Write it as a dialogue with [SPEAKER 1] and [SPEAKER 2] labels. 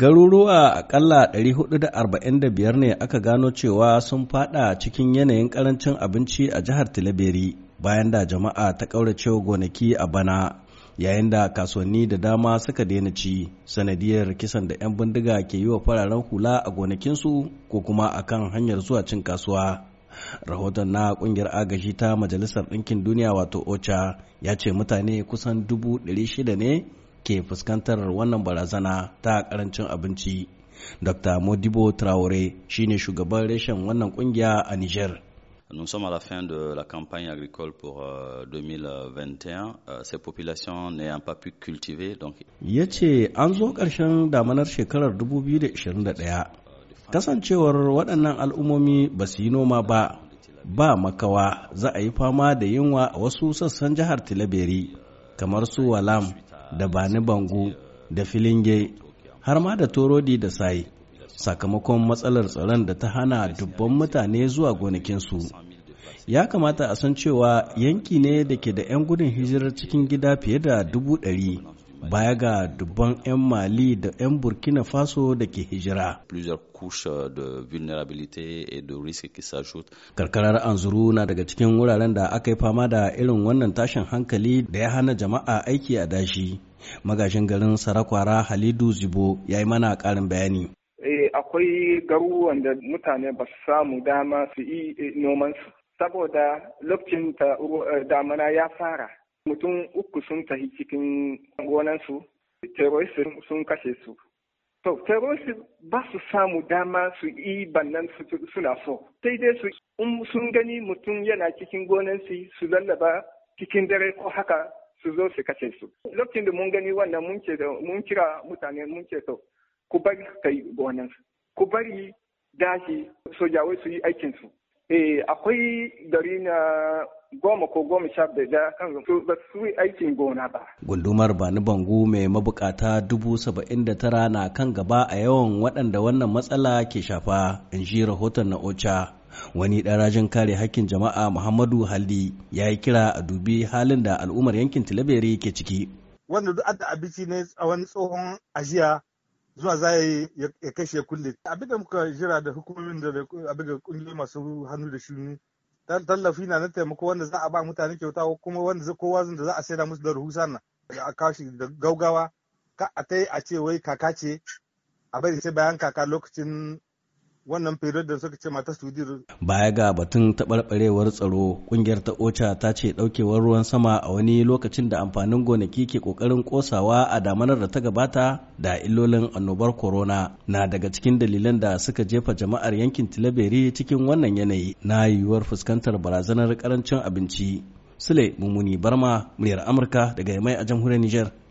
[SPEAKER 1] Garuruwa akalla 445 ne aka gano cewa sun fada cikin yanayin karancin abinci a jihar Tilaberi bayan da jama'a ta ƙauracewa gonaki a bana yayin da kasuwanni da dama suka daina ci sanadiyar kisan da 'yan bindiga ke yi wa fararen hula a gonakinsu ko kuma a kan hanyar zuwa cin kasuwa. Rahoton na kungiyar agashi ta Majalisar Ɗinkin Duniya wato OCHA ya ce mutane kusan dubu shida ne ke fuskantar wannan barazana ta karancin abinci dr modibo traore shine shugaban reshen wannan kungiya a niger Nous sommes à la fin de la campagne agricole pour 2021. Euh, euh, ces populations n'ayant pas pu cultiver, donc. Ya ce an zo ƙarshen damanar shekarar 2021. Kasancewar waɗannan al'ummomi ba su yi noma ba, ba makawa za a yi fama da yunwa a wasu sassan jihar Tilaberi, kamar su Walam, da bani bango da filinge har ma da torodi da sai sakamakon matsalar tsaron da ta hana dubban mutane zuwa gonakinsu ya kamata a san cewa yanki ne da ke da 'yan gudun hijirar cikin gida fiye da dubu ɗari baya ga dubban 'yan mali da 'yan burkina faso da ke hijira karkarar anzuru na daga cikin wuraren da aka yi fama da irin wannan tashin hankali da ya hana jama'a aiki a dashi magajin garin sarakwara halidu Zubo ya yi mana karin bayani
[SPEAKER 2] eh, akwai garuruwan da mutane ba su samu dama su yi eh, nomansu saboda lokacin eh, damana ya fara mutum uku sun tafi cikin gonan su sun kashe su to terrorist ba su samu dama su yi bannan suna so sai dai su sun gani mutum yana cikin su su lallaba cikin dare ko haka su zo su kashe su lokacin da mun gani wannan mun ce mun kira mutane mun ce to ku bari kai wannan ku bari dashi sojawai su yi aikin su Eh akwai gari na goma ko goma sha da kan ba su yi aikin gona ba.
[SPEAKER 1] Gundumar Bani Bangu mai mabukata dubu saba'in da tara na kan gaba a yawan waɗanda wannan matsala ke shafa in ji rahoton na OCHA. Wani ɗarajin kare hakkin jama'a Muhammadu Halli ya yi kira a dubi halin da al'ummar yankin Tilaberi ke ciki.
[SPEAKER 2] Wanda duk adda abinci ne a wani tsohon ajiya zuwa za ya kashe kulle abin da muka jira da hukumomin da abin da kungiyoyi masu hannu da shuni tallafi na na taimako wanda za a ba mutane kyauta ko kuma wanda kowa da za a saida musu da rahusa na a kashi da gaugawa ka a ta yi a ce wai kaka ce a bari sai bayan kaka lokacin wannan firar da suka ce mata sudir.
[SPEAKER 1] Baya ga batun taɓarɓarewar tsaro, ƙungiyar ta OCHA ta ce ɗaukewar ruwan sama a wani lokacin da amfanin gonaki ke ƙoƙarin ƙosawa a damanar da ta gabata da illolin annobar corona na daga cikin dalilan da suka jefa jama'ar yankin Tilaberi cikin wannan yanayi na yiwuwar fuskantar barazanar karancin abinci. Sule Mumuni Barma, muryar Amurka daga Yamai a jamhuriyar Nijar.